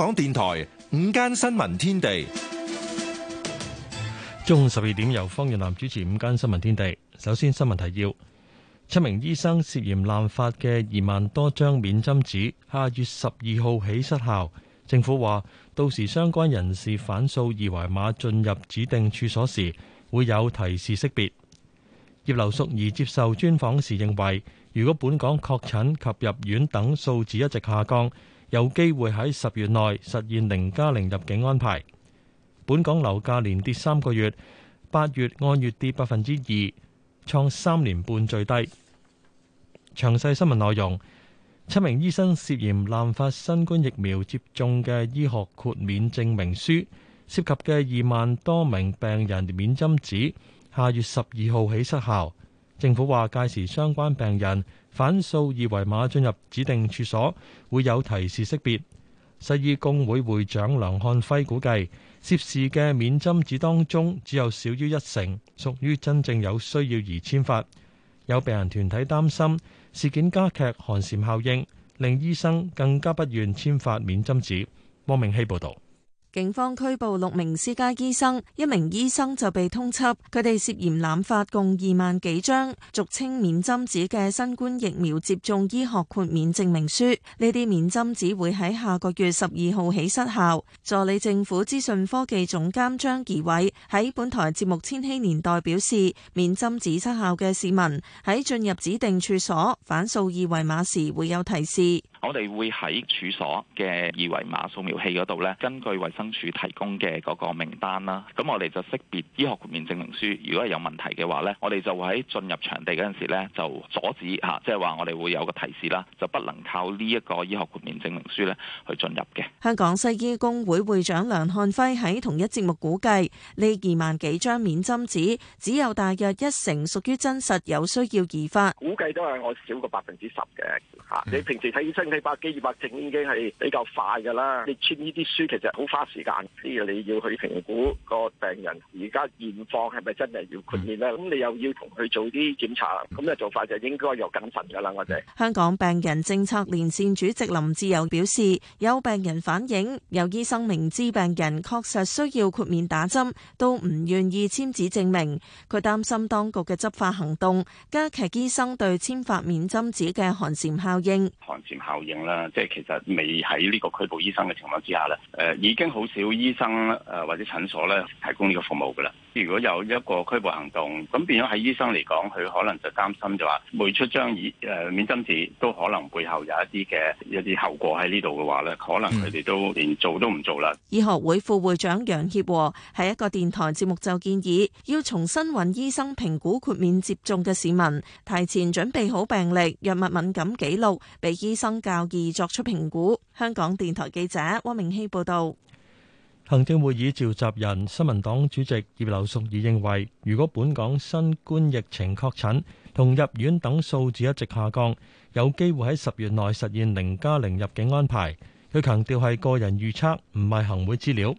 香港電台午間新聞天地，中午十二點由方潤南主持午間新聞天地。首先新聞提要：七名醫生涉嫌濫發嘅二萬多張免針紙，下月十二號起失效。政府話，到時相關人士反掃二維碼進入指定處所時，會有提示識別。葉劉淑儀接受專訪時認為，如果本港確診及入院等數字一直下降，有機會喺十月內實現零加零入境安排。本港樓價連跌三個月，八月按月跌百分之二，創三年半最低。詳細新聞內容：七名醫生涉嫌濫發新冠疫苗接種嘅醫學豁免證明書，涉及嘅二萬多名病人免針紙，下月十二號起失效。政府話屆時相關病人反掃二維碼進入指定處所，會有提示識別。西醫工會會長梁漢輝估計，涉事嘅免針紙當中只有少於一成屬於真正有需要而簽發。有病人團體擔心事件加劇寒蟬效應，令醫生更加不願簽發免針紙。汪明希報導。警方拘捕六名私家醫生，一名醫生就被通緝，佢哋涉嫌濫發共二萬幾張俗稱免針紙嘅新冠疫苗接種醫學豁免證明書。呢啲免針紙會喺下個月十二號起失效。助理政府資訊科技總監張宜偉喺本台節目《千禧年代》表示，免針紙失效嘅市民喺進入指定處所反掃二維碼時會有提示。我哋會喺處所嘅二維碼掃描器嗰度咧，根據衛生署提供嘅嗰個名單啦，咁我哋就識別醫學豁免證明書。如果係有問題嘅話呢，我哋就會喺進入場地嗰陣時咧，就阻止嚇，即係話我哋會有個提示啦，就不能靠呢一個醫學豁免證明書咧去進入嘅。香港西醫工會會長梁漢輝喺同一節目估計，呢二萬幾張免針紙只有大約一成屬於真實有需要而發，估計都係我少過百分之十嘅嚇。嗯、你平時睇醫生？四百幾二百針已經係比較快㗎啦，你簽呢啲書其實好花時間，啲嘢你要去評估個病人而家現況係咪真係要豁免咧？咁你又要同佢做啲檢查，咁嘅做法就應該有謹慎㗎啦。我哋香港病人政策連線主席林志友表示，有病人反映，有醫生明知病人確實需要豁免打針，都唔願意簽紙證明。佢擔心當局嘅執法行動，加劇醫生對簽發免針紙嘅寒蟬效應。寒蟬效。回應啦，即係其實未喺呢個拘捕醫生嘅情況之下咧，誒、呃、已經好少醫生誒或者診所咧提供呢個服務㗎啦。如果有一個拘捕行動，咁變咗喺醫生嚟講，佢可能就擔心就話每出張醫誒免針紙都可能背後有一啲嘅一啲後果喺呢度嘅話呢，可能佢哋都連做都唔做啦。醫學會副會長楊協和喺一個電台節目就建議，要重新揾醫生評估豁免接種嘅市民，提前準備好病歷、藥物敏感記錄，俾醫生較易作出評估。香港電台記者汪明熙報導。行政會議召集人、新民黨主席葉劉淑儀認為，如果本港新冠疫情確診同入院等數字一直下降，有機會喺十月內實現零加零入境安排。佢強調係個人預測，唔係行會資料。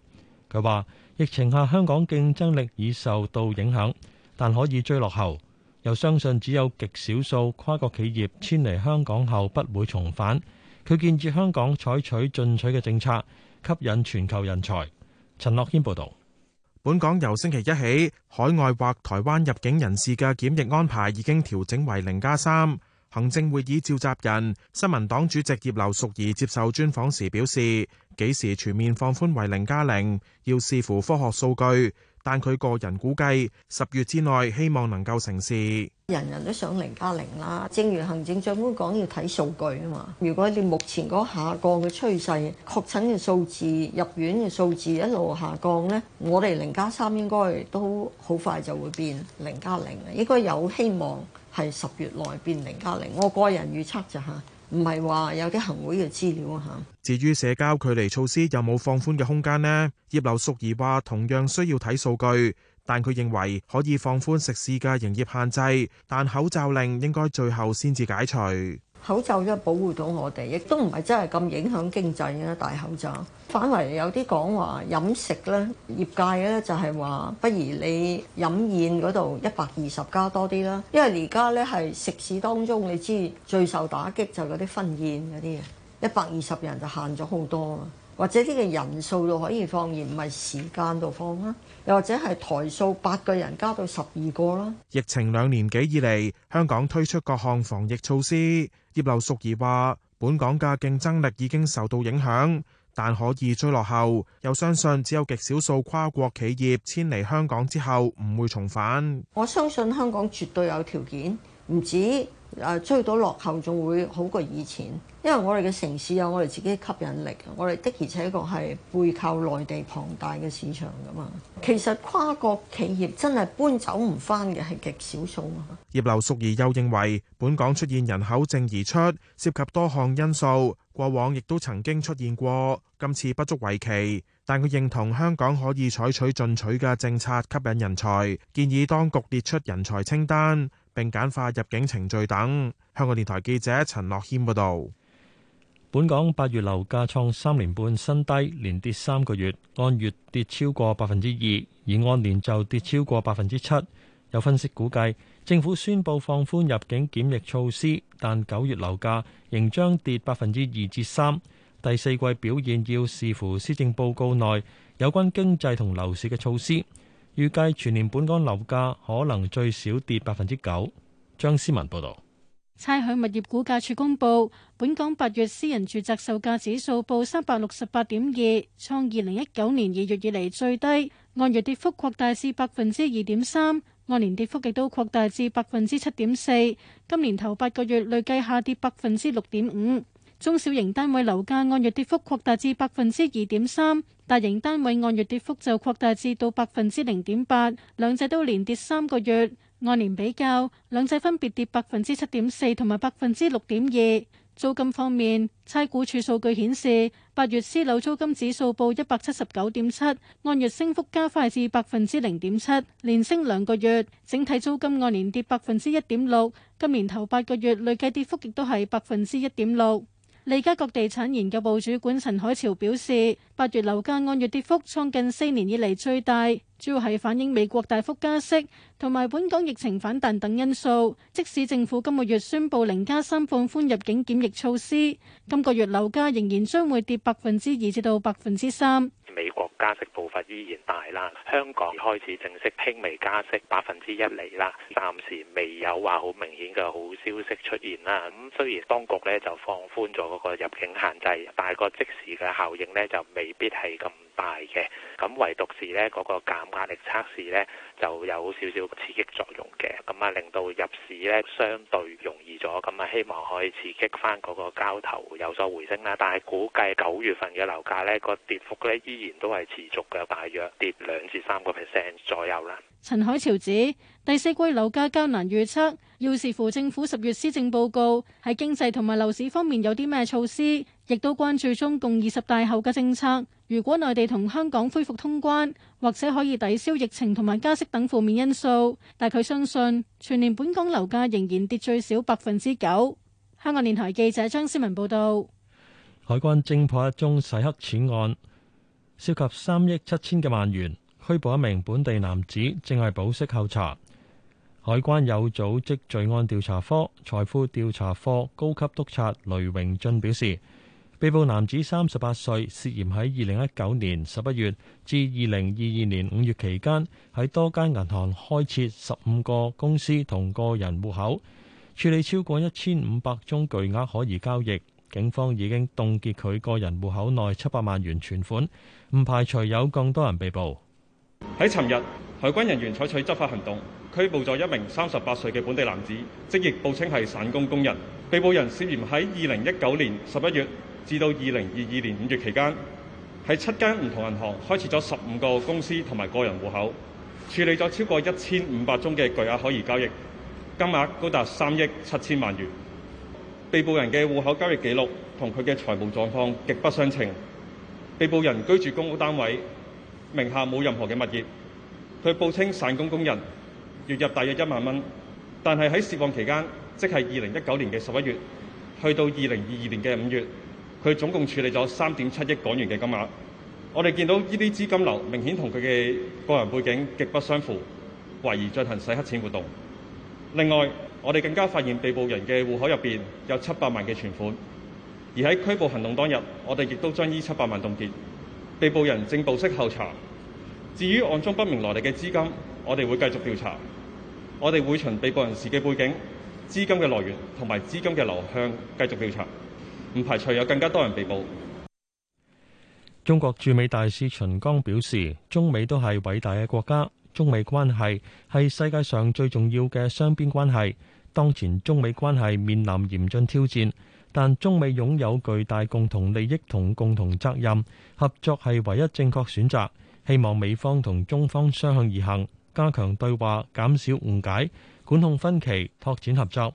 佢話：疫情下香港競爭力已受到影響，但可以追落後。又相信只有極少數跨國企業遷離香港後不會重返。佢建議香港採取進取嘅政策，吸引全球人才。陳樂軒報道：本港由星期一起，海外或台灣入境人士嘅檢疫安排已經調整為零加三。行政會議召集人、新民黨主席葉劉淑儀接受專訪時表示，幾時全面放寬為零加零，0，要視乎科學數據。但佢個人估計，十月之內希望能夠成事。人人都想零加零啦，正如行政長官講，要睇數據啊嘛。如果你目前嗰下降嘅趨勢、確診嘅數字、入院嘅數字一路下降呢，我哋零加三應該都好快就會變零加零，應該有希望係十月內變零加零。我個人預測就嚇。唔係話有啲行會嘅資料啊嚇。至於社交距離措施有冇放寬嘅空間呢？葉劉淑儀話同樣需要睇數據，但佢認為可以放寬食肆嘅營業限制，但口罩令應該最後先至解除。口罩咧保護到我哋，亦都唔係真係咁影響經濟嘅戴口罩。反為有啲講話飲食咧業界咧就係、是、話，不如你飲宴嗰度一百二十加多啲啦，因為而家咧係食肆當中，你知最受打擊就係嗰啲婚宴嗰啲啊，一百二十人就限咗好多。或者呢個人數度可以放，而唔係時間度放啦。又或者係台數八個人加到十二個啦。疫情兩年幾以嚟，香港推出各項防疫措施。葉劉淑儀話：本港嘅競爭力已經受到影響，但可以追落後。又相信只有極少數跨國企業遷離香港之後唔會重返。我相信香港絕對有條件。唔止誒、啊、追到落後，仲會好過以前，因為我哋嘅城市有我哋自己嘅吸引力，我哋的而且確係背靠內地龐大嘅市場㗎嘛。其實跨國企業真係搬走唔翻嘅係極少數啊。葉劉淑儀又認為，本港出現人口正而出涉及多項因素，過往亦都曾經出現過，今次不足為奇。但佢認同香港可以採取進取嘅政策吸引人才，建議當局列出人才清單。並簡化入境程序等。香港電台記者陳樂謙報道。本港八月樓價創三年半新低，連跌三個月，按月跌超過百分之二，而按年就跌超過百分之七。有分析估計，政府宣佈放寬入境檢疫措施，但九月樓價仍將跌百分之二至三。第四季表現要視乎施政報告內有關經濟同樓市嘅措施。預計全年本港樓價可能最少跌百分之九。張思文報導。差餉物業估價署公佈，本港八月私人住宅售價指數報三百六十八點二，創二零一九年二月以來最低，按月跌幅擴大至百分之二點三，按年跌幅亦都擴大至百分之七點四。今年頭八個月累計下跌百分之六點五，中小型單位樓價按月跌幅擴大至百分之二點三。大型單位按月跌幅就擴大至到百分之零點八，兩者都連跌三個月。按年比較，兩者分別跌百分之七點四同埋百分之六點二。租金方面，差估處數據顯示，八月私樓租金指數報一百七十九點七，按月升幅加快至百分之零點七，連升兩個月。整體租金按年跌百分之一點六，今年頭八個月累計跌幅亦都係百分之一點六。利嘉閣地產研究部主管陳海潮表示，八月樓價按月跌幅創近四年以嚟最大，主要係反映美國大幅加息同埋本港疫情反彈等因素。即使政府今個月宣布零加三放寬入境檢疫措施，今個月樓價仍然將會跌百分之二至到百分之三。加息步伐依然大啦，香港開始正式輕微加息百分之一釐啦，暫時未有話好明顯嘅好消息出現啦。咁雖然當局咧就放寬咗嗰個入境限制，但係個即時嘅效應咧就未必係咁。大嘅咁，唯獨是呢嗰個減壓力測試呢就有少少刺激作用嘅。咁啊，令到入市呢相對容易咗。咁啊，希望可以刺激翻嗰個交投有所回升啦。但係估計九月份嘅樓價呢個跌幅呢依然都係持續嘅，大約跌兩至三個 percent 左右啦。陳海潮指第四季樓價較難預測，要視乎政府十月施政報告喺經濟同埋樓市方面有啲咩措施，亦都關注中共二十大後嘅政策。如果內地同香港恢復通關，或者可以抵消疫情同埋加息等負面因素，但佢相信全年本港樓價仍然跌最少百分之九。香港電台記者張思文報導。海關偵破一宗洗黑錢案，涉及三億七千幾萬元，拘捕一名本地男子，正係保釋候查。海關有組織罪案調查科財富調查科高級督察雷榮俊表示。被捕男子三十八歲，涉嫌喺二零一九年十一月至二零二二年五月期間，喺多間銀行開設十五個公司同個人戶口，處理超過一千五百宗巨額可疑交易。警方已經凍結佢個人戶口內七百萬元存款，唔排除有更多人被捕。喺尋日，海關人員採取執法行動，拘捕咗一名三十八歲嘅本地男子，職業報稱係散工工人。被捕人涉嫌喺二零一九年十一月。至到二零二二年五月期間，喺七間唔同銀行開設咗十五個公司同埋個人戶口，處理咗超過一千五百宗嘅巨額可疑交易，金額高達三億七千萬元。被捕人嘅戶口交易記錄同佢嘅財務狀況極不相稱。被捕人居住公屋單位，名下冇任何嘅物業。佢報稱散工工人，月入大約一萬蚊，但係喺涉案期間，即係二零一九年嘅十一月，去到二零二二年嘅五月。佢總共處理咗三點七億港元嘅金額，我哋見到呢啲資金流明顯同佢嘅個人背景極不相符，懷疑進行洗黑錢活動。另外，我哋更加發現被捕人嘅戶口入邊有七百萬嘅存款，而喺拘捕行動當日，我哋亦都將呢七百萬凍結。被捕人正保釋候查。至於案中不明來歷嘅資金，我哋會繼續調查。我哋會循被捕人士嘅背景、資金嘅來源同埋資金嘅流向繼續調查。唔排除有更加多人被捕。中國駐美大使秦剛表示，中美都係偉大嘅國家，中美關係係世界上最重要嘅雙邊關係，當前中美關係面臨嚴峻挑戰，但中美擁有巨大共同利益同共同責任，合作係唯一正確選擇，希望美方同中方相向而行，加強對話，減少誤解，管控分歧，拓展合作。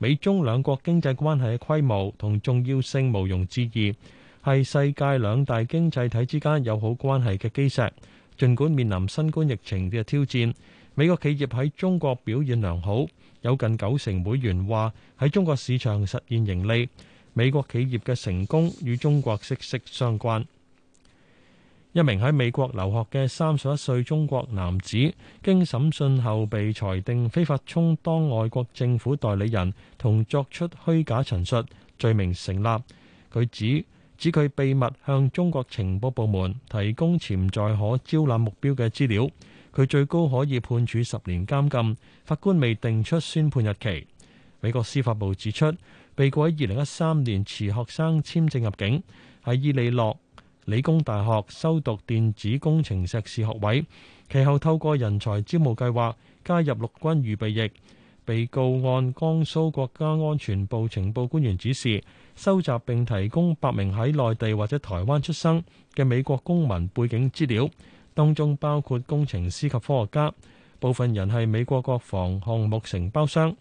美中兩國經濟關係嘅規模同重要性毋庸置疑，係世界兩大經濟體之間友好關係嘅基石。儘管面臨新冠疫情嘅挑戰，美國企業喺中國表現良好，有近九成會員話喺中國市場實現盈利。美國企業嘅成功與中國息息相關。一名喺美國留學嘅三十一歲中國男子，經審訊後被裁定非法充當外國政府代理人同作出虛假陳述罪名成立。佢指指佢秘密向中國情報部門提供潛在可招攬目標嘅資料。佢最高可以判處十年監禁。法官未定出宣判日期。美國司法部指出，被告喺二零一三年持學生簽證入境，喺伊利諾理工大學修讀電子工程碩士學位，其後透過人才招募計劃加入陸軍預備役。被告按江蘇國家安全部情報官員指示，收集並提供百名喺內地或者台灣出生嘅美國公民背景資料，當中包括工程師及科學家，部分人係美國國防項目承包商。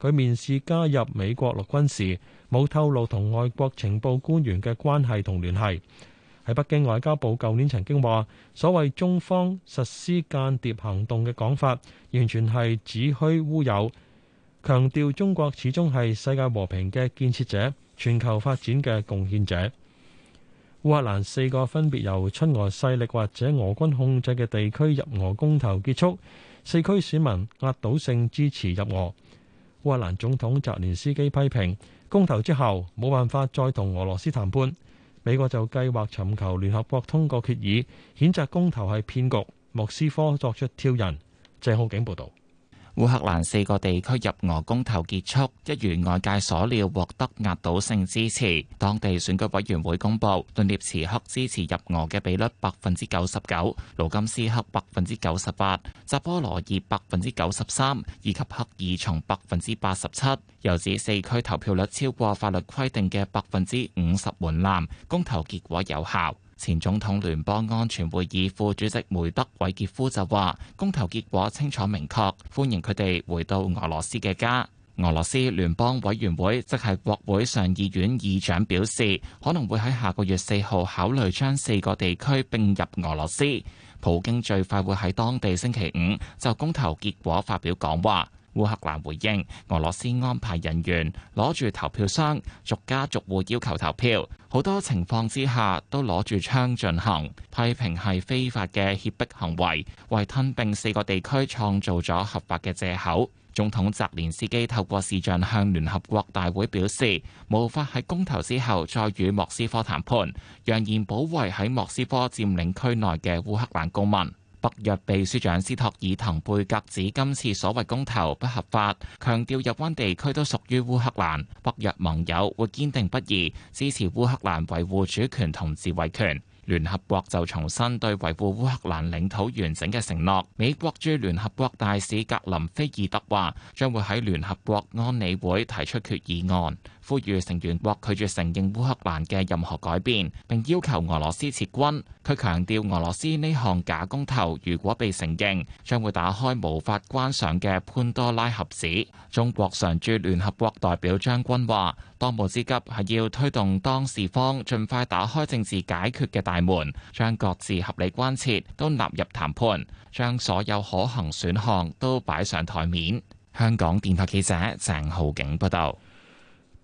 佢面試加入美國陸軍時，冇透露同外國情報官員嘅關係同聯繫。喺北京外交部，舊年曾經話：所謂中方實施間諜行動嘅講法，完全係子虛烏有。強調中國始終係世界和平嘅建設者、全球發展嘅貢獻者。烏克蘭四個分別由親俄勢力或者俄軍控制嘅地區入俄公投結束，四區市民壓倒性支持入俄。烏克蘭總統澤連斯基批評：公投之後冇辦法再同俄羅斯談判。美國就計劃尋求聯合國通過決議，譴責公投係騙局。莫斯科作出挑釁。鄭浩景報導。烏克蘭四個地區入俄公投結束，一如外界所料，獲得壓倒性支持。當地選舉委員會公佈，頓涅茨克支持入俄嘅比率百分之九十九，盧甘斯克百分之九十八，扎波羅熱百分之九十三，以及克爾松百分之八十七。又指四區投票率超過法律規定嘅百分之五十門檻，公投結果有效。前總統聯邦安全會議副主席梅德韋傑夫就話：公投結果清楚明確，歡迎佢哋回到俄羅斯嘅家。俄羅斯聯邦委員會即係國會上議院議長表示，可能會喺下個月四號考慮將四個地區並入俄羅斯。普京最快會喺當地星期五就公投結果發表講話。烏克蘭回應，俄羅斯安排人員攞住投票箱，逐家逐戶要求投票，好多情況之下都攞住槍進行，批評係非法嘅脅迫行為，為吞並四個地區創造咗合法嘅藉口。總統澤連斯基透過視像向聯合國大會表示，無法喺公投之後再與莫斯科談判，揚言保衞喺莫斯科佔領區內嘅烏克蘭公民。北約秘書長斯托爾滕貝格指今次所謂公投不合法，強調入關地區都屬於烏克蘭，北約盟友會堅定不移支持烏克蘭維護主權同自衛權。聯合國就重申對維護烏克蘭領土完整嘅承諾。美國駐聯合國大使格林菲爾德話，將會喺聯合國安理會提出決議案。呼籲成員國拒絕承認烏克蘭嘅任何改變，並要求俄羅斯撤軍。佢強調，俄羅斯呢項假公投如果被承認，將會打開無法關上嘅潘多拉盒子。中國常駐聯合國代表張軍話，當務之急係要推動當事方盡快打開政治解決嘅大門，將各自合理關切都納入談判，將所有可行選項都擺上台面。香港電台記者鄭浩景報道。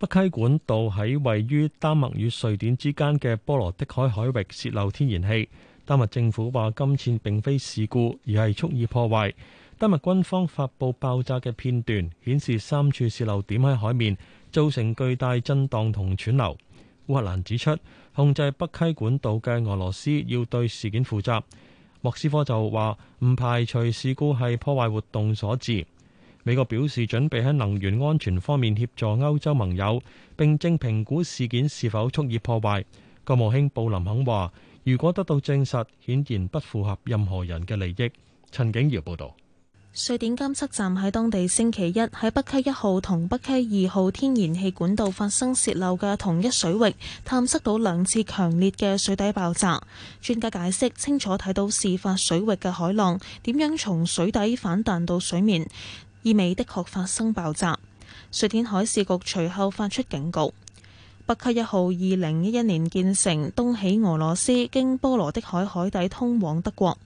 北溪管道喺位於丹麥與瑞典之間嘅波羅的海海域泄漏天然氣，丹麥政府話今次並非事故，而係蓄意破壞。丹麥軍方發布爆炸嘅片段，顯示三處泄漏點喺海面，造成巨大震盪同湍流。烏克蘭指出，控制北溪管道嘅俄羅斯要對事件負責，莫斯科就話唔排除事故係破壞活動所致。美國表示準備喺能源安全方面協助歐洲盟友，並正評估事件是否蓄意破壞。國務卿布林肯話，如果得到證實，顯然不符合任何人嘅利益。陳景堯報道。瑞典監測站喺當地星期一喺北溪一號同北溪二號天然氣管道發生洩漏嘅同一水域，探測到兩次強烈嘅水底爆炸。專家解釋，清楚睇到事發水域嘅海浪點樣從水底反彈到水面。意味的確發生爆炸，瑞典海事局隨後發出警告。北溪一號二零一一年建成，東起俄羅斯，經波羅的海海底通往德國。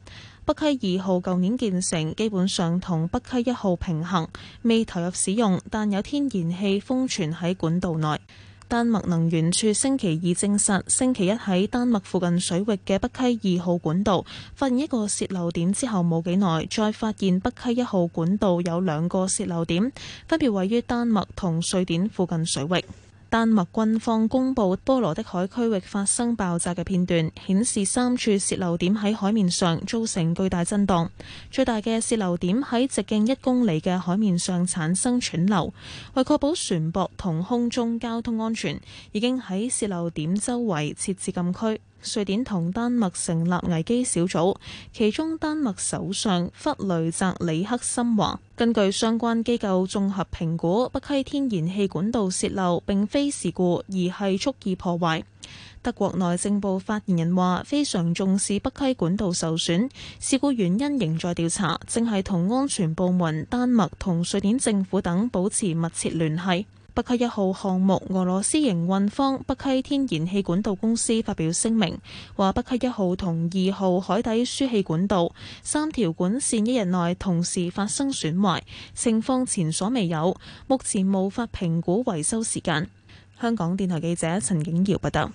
北溪二號舊年建成，基本上同北溪一號平行，未投入使用，但有天然氣封存喺管道內。丹麥能源處星期二證實，星期一喺丹麥附近水域嘅北溪二號管道發現一個洩漏點之後冇幾耐，再發現北溪一號管道有兩個洩漏點，分別位於丹麥同瑞典附近水域。丹麥軍方公布波羅的海區域發生爆炸嘅片段，顯示三處洩漏點喺海面上造成巨大震盪。最大嘅洩漏點喺直徑一公里嘅海面上產生湍流。為確保船舶同空中交通安全，已經喺洩漏點周圍設置禁區。瑞典同丹麥成立危機小組，其中丹麥首相弗雷澤里克森話：根據相關機構綜合評估，北溪天然氣管道泄漏並非事故，而係蓄意破壞。德國內政部發言人話：非常重視北溪管道受損，事故原因仍在調查，正係同安全部門、丹麥同瑞典政府等保持密切聯繫。北溪一號項目，俄羅斯營運方北溪天然氣管道公司發表聲明，話北溪一號同二號海底輸氣管道三條管綫一日內同時發生損壞，情況前所未有，目前無法評估維修時間，香港電台記者陳景瑤報道。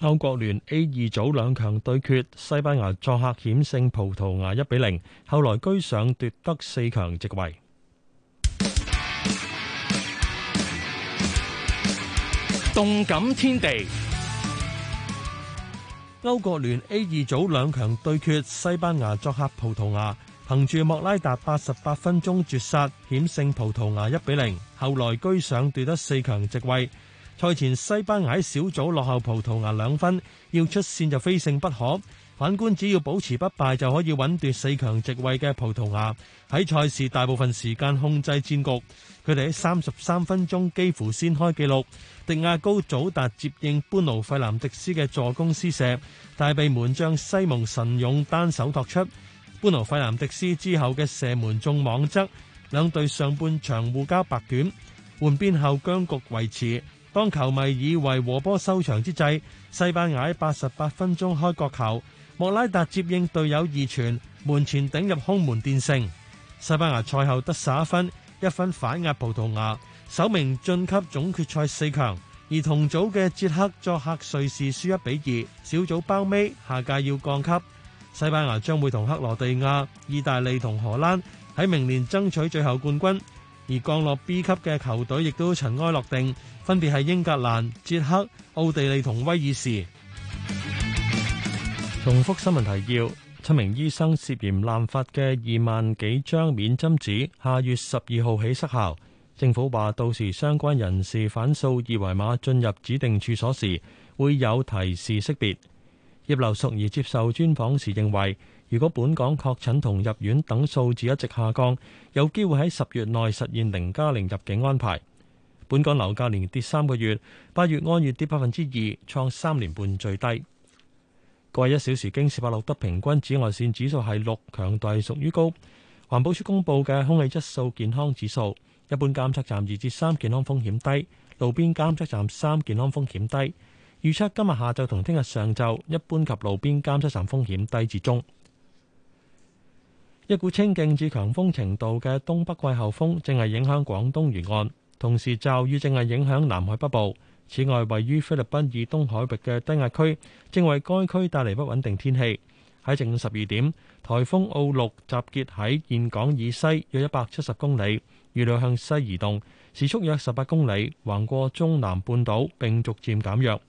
歐國聯 A 二組兩強對決，西班牙作客險勝葡萄牙一比零，後來居上奪得四強席位。動感天地，歐國聯 A 二組兩強對決，西班牙作客葡萄牙，憑住莫拉達八十八分鐘絕殺，險勝葡萄牙一比零，後來居上奪得四強席位。賽前西班牙小組落後葡萄牙兩分，要出線就非勝不可。反觀，只要保持不敗就可以穩奪四強席位嘅葡萄牙，喺賽事大部分時間控制戰局。佢哋喺三十三分鐘幾乎先開紀錄，迪亞高祖達接應班奴費蘭迪斯嘅助攻施射，但被門將西蒙神勇單手托出。班奴費蘭迪斯之後嘅射門中網側，兩隊上半場互交白卷。換邊後僵局維持，當球迷以為和波收場之際，西班牙喺八十八分鐘開角球。莫拉達接應隊友二傳，門前頂入空門奠勝。西班牙賽後得十一分，一分反壓葡萄牙，首名晉級總決賽四強。而同組嘅捷克作客瑞士輸一比二，小組包尾，下屆要降級。西班牙將會同克羅地亞、意大利同荷蘭喺明年爭取最後冠軍。而降落 B 級嘅球隊亦都塵埃落定，分別係英格蘭、捷克、奧地利同威爾士。重複新聞提要：七名醫生涉嫌濫發嘅二萬幾張免針紙，下月十二號起失效。政府話，到時相關人士反掃二維碼進入指定處所時，會有提示識別。葉劉淑儀接受專訪時認為，如果本港確診同入院等數字一直下降，有機會喺十月內實現零加零入境安排。本港樓價連跌三個月，八月按月跌百分之二，創三年半最低。過去一小時京士柏錄得平均紫外線指數係六，強度屬於高。環保署公布嘅空氣質素健康指數，一般監測站二至三，健康風險低，路邊監測站三，健康風險低。預測今日下晝同聽日上晝，一般及路邊監測站風險低至中。一股清勁至強風程度嘅東北季候風正係影響廣東沿岸，同時驟雨正係影響南海北部。此外，位於菲律賓以東海域嘅低壓區，正為該區帶嚟不穩定天氣。喺正午十二點，颱風奧陸集結喺現港以西約一百七十公里，預料向西移動，時速約十八公里，橫過中南半島並逐漸減弱。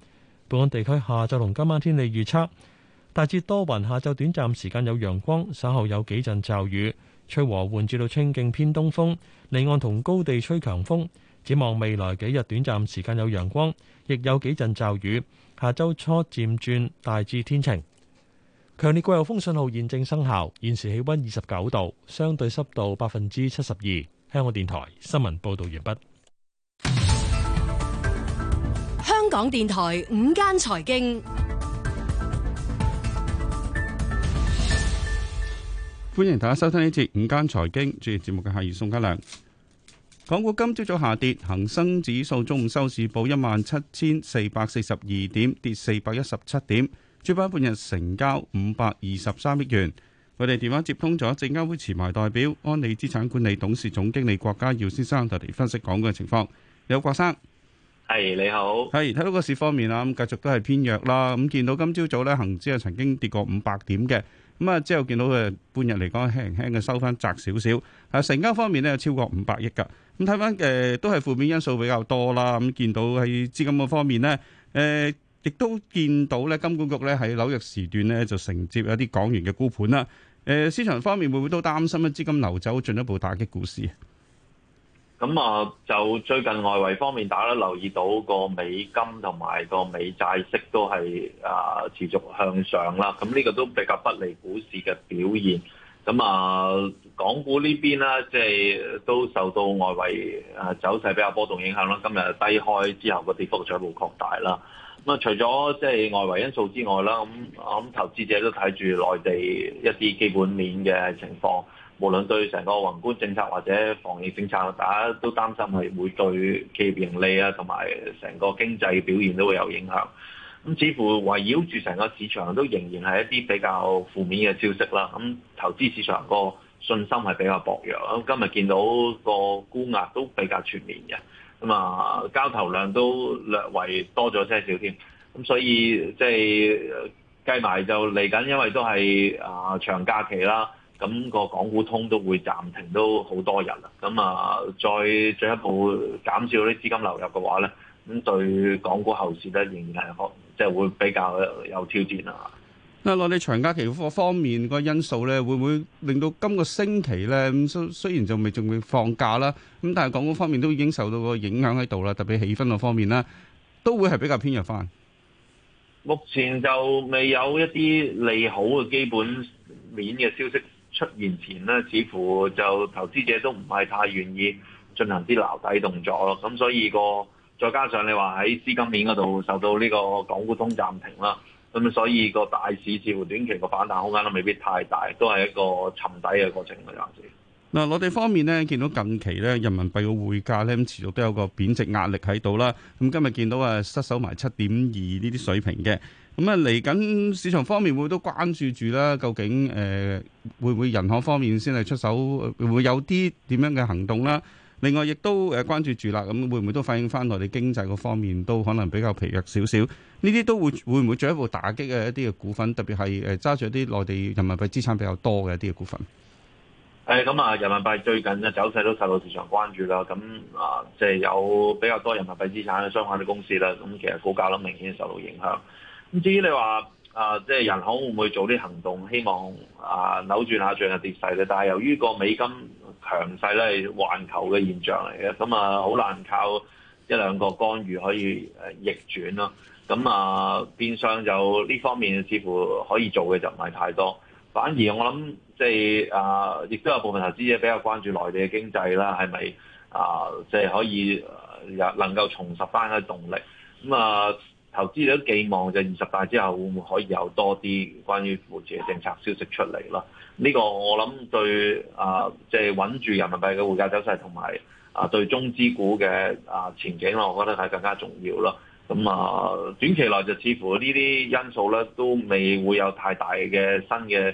本港地區下晝同今晚天氣預測：大致多雲，下晝短暫時間有陽光，稍後有幾陣驟雨，吹和緩至到清勁偏東風，離岸同高地吹強風。展望未來幾日，短暫時間有陽光，亦有幾陣驟雨。下周初漸轉大致天晴。強烈季候風信號現正生效，現時氣温二十九度，相對濕度百分之七十二。香港電台新聞報道完畢。香港電台午間財經，歡迎大家收聽呢節午間財經主持節目嘅客語宋家亮。港股今朝早下跌，恒生指數中午收市報一萬七千四百四十二點，跌四百一十七點，主板半日成交五百二十三億元。佢哋電話接通咗證監會持牌代表安利資產管理董事總經理郭家耀先生，特嚟，分析港股嘅情況。有郭生，係你好，係睇到個市方面啊，咁繼續都係偏弱啦。咁見到今朝早咧，恒指係曾經跌過五百點嘅，咁啊之後見到佢半日嚟講輕輕嘅收翻窄少少。啊，成交方面呢，有超過五百億噶。咁睇翻，誒、呃，都係負面因素比較多啦。咁見到喺資金方面呢，誒、呃，亦都見到咧，金管局咧喺紐約時段呢，就承接一啲港元嘅沽盤啦。誒、呃，市場方面會唔會都擔心咧資金流走，進一步打擊股市？咁啊，就最近外圍方面大家都留意到個美金同埋個美債息都係啊持續向上啦。咁呢個都比較不利股市嘅表現。咁啊，港股呢邊啦，即係都受到外圍啊走勢比較波動影響啦。今日低開之後個跌幅再度擴大啦。咁啊，除咗即係外圍因素之外啦，咁我諗投資者都睇住內地一啲基本面嘅情況，無論對成個宏觀政策或者防疫政策，大家都擔心係會對企業盈利啊同埋成個經濟表現都會有影響。咁似乎圍繞住成個市場都仍然係一啲比較負面嘅消息啦。咁投資市場個信心係比較薄弱。咁今日見到個沽壓都比較全面嘅。咁啊，交投量都略為多咗些少添。咁所以即係計埋就嚟緊，因為都係啊、呃、長假期啦。咁、個港股通都會暫停都好多日啦。咁啊，再進一步減少啲資金流入嘅話咧，咁對港股後市咧仍然係可。即係會比較有挑戰啊！嗱，我哋長假期貨方面個因素咧，會唔會令到今個星期咧，咁雖雖然就未仲未放假啦，咁但係港股方面都已經受到個影響喺度啦，特別氣氛個方面啦，都會係比較偏弱翻。目前就未有一啲利好嘅基本面嘅消息出現前呢，似乎就投資者都唔係太願意進行啲撈底動作咯，咁所以個。再加上你話喺資金面嗰度受到呢個港股通暫停啦，咁所以個大市似乎短期個反彈空間都未必太大，都係一個沉底嘅過程嘅大市。嗱，我哋方面呢，見到近期咧人民幣嘅匯價咧咁持續都有個貶值壓力喺度啦。咁、嗯、今日見到啊失守埋七點二呢啲水平嘅，咁啊嚟緊市場方面會，會都關注住啦，究竟誒、呃、會唔會人行方面先係出手，會，會有啲點樣嘅行動啦？另外，亦都誒關注住啦，咁會唔會都反映翻內地經濟嗰方面都可能比較疲弱少少？呢啲都會會唔會進一步打擊嘅一啲嘅股份，特別係誒揸住一啲內地人民幣資產比較多嘅一啲嘅股份？誒、哎，咁啊，人民幣最近嘅走勢都受到市場關注啦。咁啊，即、就、係、是、有比較多人民幣資產嘅相關嘅公司啦。咁其實股價都明顯受到影響。咁至於你話，啊、呃，即係銀行會唔會做啲行動？希望啊、呃、扭轉下上嘅跌勢嘅。但係由於個美金強勢咧，係環球嘅現象嚟嘅，咁啊好難靠一兩個干預可以誒逆轉咯。咁、嗯、啊、呃、變相就呢方面似乎可以做嘅就唔係太多。反而我諗即係啊，亦、呃、都有部分投資者比較關注內地嘅經濟啦，係咪啊即係可以又、呃、能夠重拾翻個動力咁啊？嗯呃投資者寄望就二十大之後會唔會可以有多啲關於扶持嘅政策消息出嚟咯？呢、呢個我諗對啊，即、呃、係、就是、穩住人民幣嘅匯價走勢同埋啊，對中資股嘅啊前景我覺得係更加重要咯。咁啊、呃，短期內就似乎呢啲因素咧都未會有太大嘅新嘅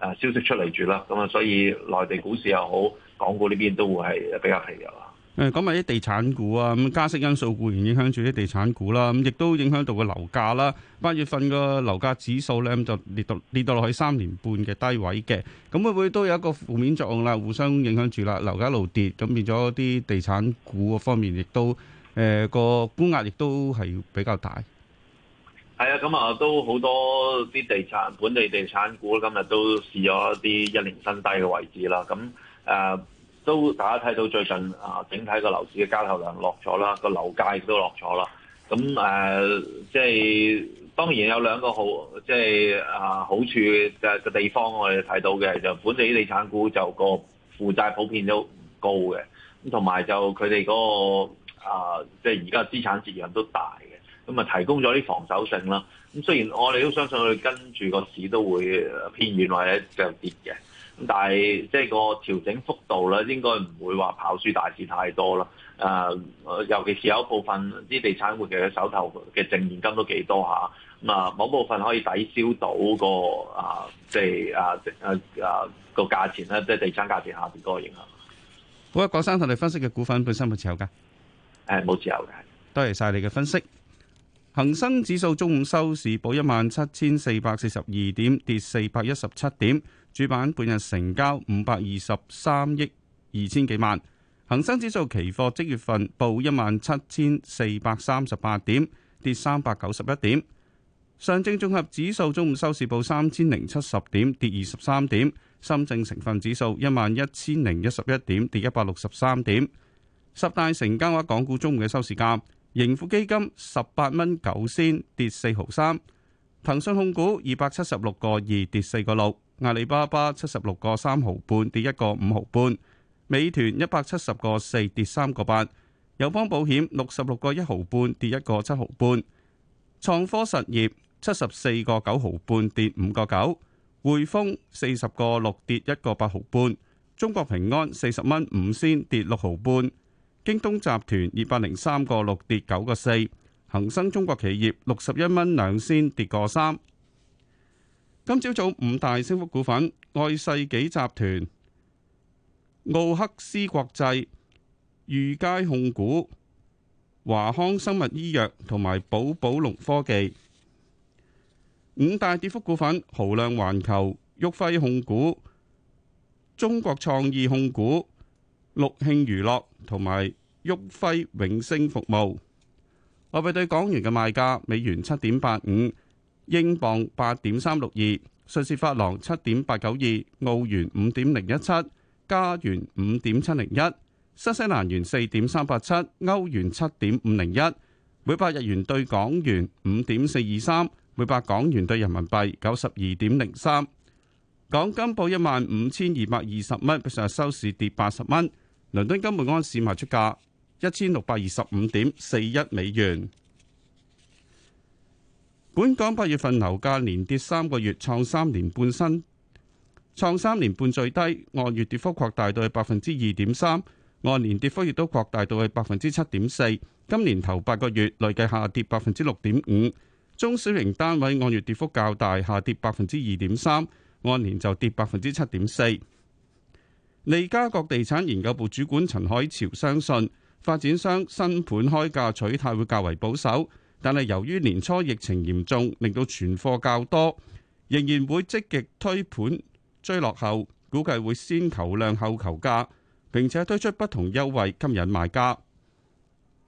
啊消息出嚟住啦。咁啊，所以內地股市又好，港股呢邊都會係比較疲弱。誒，咁啊啲地產股啊，咁加息因素固然影響住啲地產股啦，咁亦都影響到個樓價啦。八月份個樓價指數咧，咁就跌到跌到落去三年半嘅低位嘅，咁會唔會都有一個負面作用啦？互相影響住啦，樓價一路跌，咁變咗啲地產股嗰方面亦都，誒個沽壓亦都係比較大。係啊，咁啊都好多啲地產本地地產股今日都試咗啲一年新低嘅位置啦。咁誒。呃都大家睇到最近啊，整體個樓市嘅交投量落咗啦，個樓價亦都落咗啦。咁誒，即、呃、係、就是、當然有兩個好，即係啊好處嘅個地方我，我哋睇到嘅就本地地產股就個負債普遍都唔高嘅，咁同埋就佢哋嗰個啊，即係而家資產折讓都大嘅，咁啊提供咗啲防守性啦。咁雖然我哋都相信佢跟住個市都會偏軟或者就跌嘅。但係即係個調整幅度咧，應該唔會話跑輸大市太多啦。誒、呃，尤其是有一部分啲地產股其實手頭嘅淨現金都幾多吓，咁啊某部分可以抵消到、那個啊即係啊誒誒、啊啊、個價錢咧，即係地產價錢下跌嗰個影響。好啊，郭生同你分析嘅股份本身有冇持有噶？誒、呃，冇持有嘅。多謝晒你嘅分析。恒生指數中午收市報一萬七千四百四十二點，跌四百一十七點。主板半日成交五百二十三億二千幾萬。恒生指數期貨即月份報一萬七千四百三十八點，跌三百九十一點。上證綜合指數中午收市報三千零七十點，跌二十三點。深證成分指數一萬一千零一十一點，跌一百六十三點。十大成交額港股中午嘅收市價。盈富基金十八蚊九仙跌四毫三，騰訊控股二百七十六個二跌四個六，阿里巴巴七十六個三毫半跌一個五毫半，美團一百七十個四跌三個八，友邦保險六十六個一毫半跌一個七毫半，創科實業七十四個九毫半跌五個九，匯豐四十個六跌一個八毫半，中國平安四十蚊五仙跌六毫半。京東集團二百零三個六跌九個四，恒生中國企業六十一蚊兩仙跌個三。今朝早五大升幅股份：愛世紀集團、奧克斯國際、御佳控股、華康生物醫藥同埋寶寶龍科技。五大跌幅股份：豪量環球、旭輝控股、中國創意控股、陸慶娛樂。同埋旭輝永升服務，外幣對港元嘅賣價：美元七點八五，英鎊八點三六二，瑞士法郎七點八九二，澳元五點零一七，加元五點七零一，新西蘭元四點三八七，歐元七點五零一，每百日元對港元五點四二三，每百港元對人民幣九十二點零三。港金報一萬五千二百二十蚊，比上日收市跌八十蚊。倫敦金每安士賣出價一千六百二十五點四一美元。本港八月份樓價連跌三個月，創三年半新，創三年半最低。按月跌幅擴大到係百分之二點三，按年跌幅亦都擴大到係百分之七點四。今年頭八個月累計下跌百分之六點五。中小型單位按月跌幅較大，下跌百分之二點三，按年就跌百分之七點四。利嘉閣地產研究部主管陳海潮相信，發展商新盤開價取態會較為保守，但係由於年初疫情嚴重，令到存貨較多，仍然會積極推盤追落後，估計會先求量後求價，並且推出不同優惠吸引買家。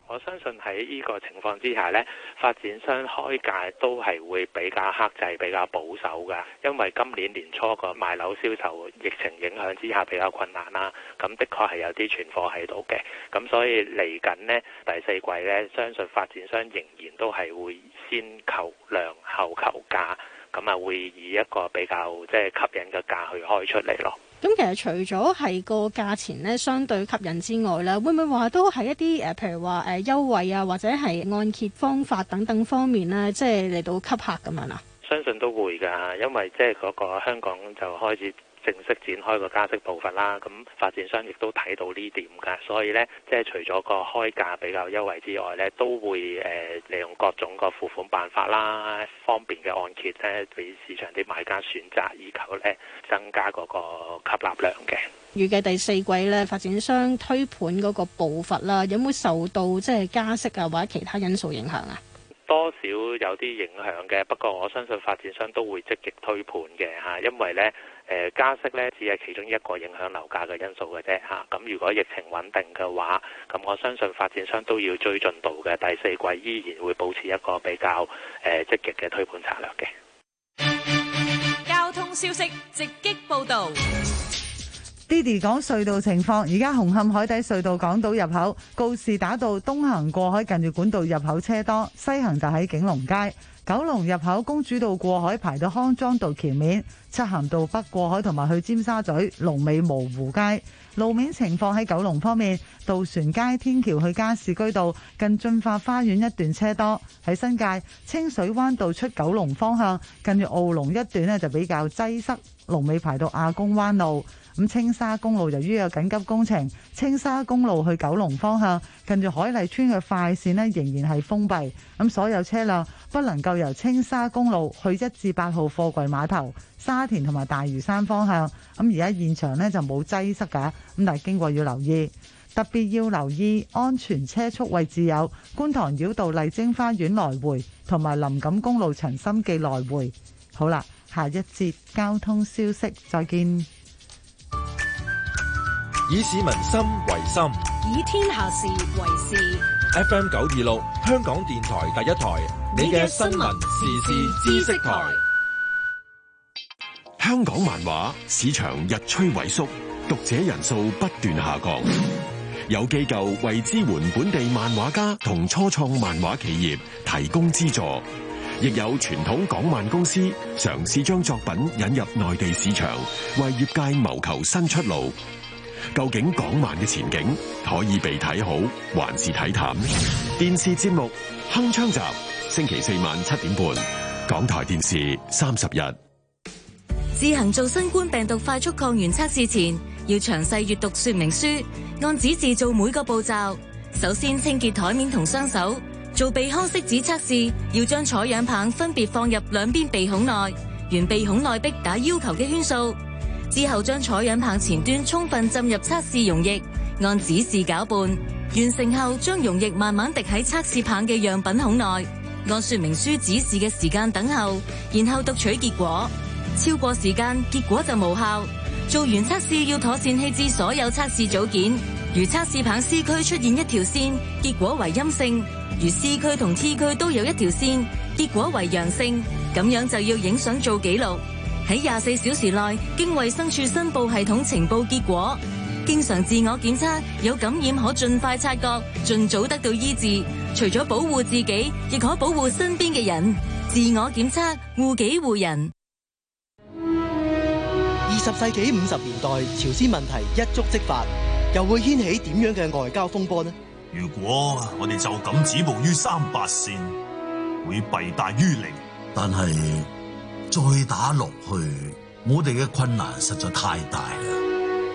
我相信喺呢個情況之下咧，發展商開價都係會比較克制、比較保守嘅，因為今年年初個賣樓銷售疫情影響之下比較困難啦。咁的確係有啲存貨喺度嘅，咁所以嚟緊呢第四季呢，相信發展商仍然都係會先求量後求價，咁啊會以一個比較即係吸引嘅價去開出嚟咯。咁其實除咗係個價錢咧，相對吸引之外咧，會唔會話都係一啲誒，譬如話誒優惠啊，或者係按揭方法等等方面咧，即係嚟到吸客咁樣啊？相信都會㗎，因為即係嗰個香港就開始。正式展開個加息步伐啦，咁發展商亦都睇到呢點嘅，所以咧，即係除咗個開價比較優惠之外咧，都會誒、呃、利用各種個付款辦法啦，方便嘅按揭咧，俾市場啲買家選擇，以求咧增加嗰個吸納量嘅，預計第四季咧，發展商推盤嗰個步伐啦，有冇受到即係加息啊或者其他因素影響啊？多少有啲影響嘅，不過我相信發展商都會積極推盤嘅吓，因為咧。呃、加息呢，只係其中一個影響樓價嘅因素嘅啫嚇。咁、啊、如果疫情穩定嘅話，咁、啊、我相信發展商都要追進度嘅。第四季依然會保持一個比較呃積極嘅推盤策略嘅。交通消息直擊報導。Didi 講隧道情況，而家紅磡海底隧道港島入口告士打道東行過海，近住管道入口車多；西行就喺景隆街、九龍入口公主道過海排到康莊道橋面；漆咸道北過海同埋去尖沙咀龍尾蕪湖街路面情況。喺九龍方面，渡船街天橋去加士居道近駿發花園一段車多；喺新界清水灣道出九龍方向近住澳龍一段呢就比較擠塞，龍尾排到亞公灣路。咁青沙公路由於有緊急工程，青沙公路去九龍方向近住海麗村嘅快線咧，仍然係封閉。咁所有車輛不能夠由青沙公路去一至八號貨櫃碼頭、沙田同埋大嶼山方向。咁而家現場呢就冇擠塞㗎，咁但係經過要留意，特別要留意安全車速位置有觀塘繞道麗晶花園來回同埋林錦公路陳心記來回。好啦，下一節交通消息，再見。以市民心為心，以天下事為事。FM 九二六，香港電台第一台，你嘅新聞時事知識台。香港漫畫市場日趨萎縮，讀者人數不斷下降。有機構為支援本地漫畫家同初創漫畫企業提供資助，亦有傳統港漫公司嘗試將作品引入內地市場，為業界謀求新出路。究竟港漫嘅前景可以被睇好還是睇淡呢？電視節目鏗鏘集，星期四晚七點半，港台電視三十日。自行做新冠病毒快速抗原測試前，要詳細閱讀說明書，按指示做每個步驟。首先清潔台面同雙手。做鼻腔拭子測試，要將採樣棒分別放入兩邊鼻孔內，沿鼻孔內壁打要求嘅圈數。之後將採樣棒前端充分浸入測試溶液，按指示攪拌，完成後將溶液慢慢滴喺測試棒嘅樣品孔內，按說明書指示嘅時間等候，然後讀取結果。超過時間，結果就無效。做完測試要妥善棄置所有測試組件。如測試棒 C 區出現一條線，結果為陰性；如 C 區同 T 區都有一條線，結果為陽性。咁樣就要影相做記錄。喺廿四小時內經衛生署申報系統呈報結果，經常自我檢測有感染可盡快察覺，盡早得到醫治。除咗保護自己，亦可保護身邊嘅人。自我檢測護己護人。二十世紀五十年代朝鮮問題一觸即發，又會掀起點樣嘅外交風波呢？如果我哋就咁止步於三八線，會弊大於利。但係，再打落去，我哋嘅困難實在太大啦！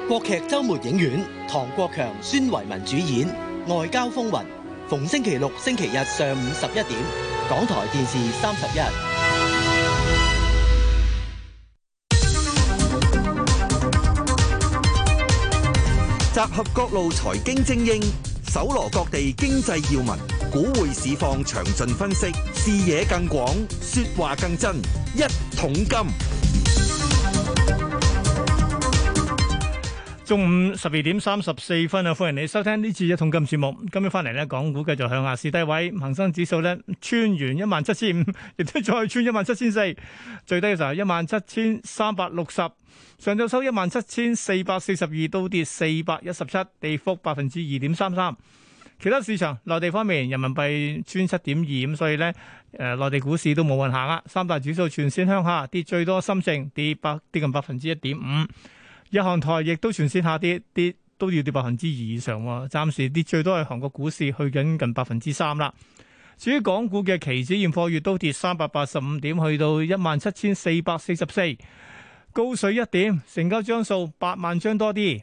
國劇周末影院，唐國強、孫維民主演《外交風雲》，逢星期六、星期日上午十一點，港台電視三十一。集合各路財經精英，搜羅各地經濟要聞。股匯市況詳盡分析，視野更廣，說話更真。一桶金，中午十二點三十四分啊！歡迎你收聽呢次一桶金節目。今日翻嚟呢，港股繼續向下試低位，恒生指數呢，穿完一萬七千五，亦都再穿一萬七千四，最低嘅時候一萬七千三百六十，上晝收一萬七千四百四十二，都跌四百一十七，跌幅百分之二點三三。其他市場內地方面，人民幣穿七點二，所以咧，誒、呃、內地股市都冇運行啦。三大指數全線向下，跌最多深證跌百跌近百分之一點五。日韓台亦都全線下跌，跌都要跌百分之二以上喎。暫時跌最多係韓國股市去，去緊近百分之三啦。至於港股嘅期指現貨月都跌三百八十五點，去到一萬七千四百四十四，高水一點，成交張數八萬張多啲。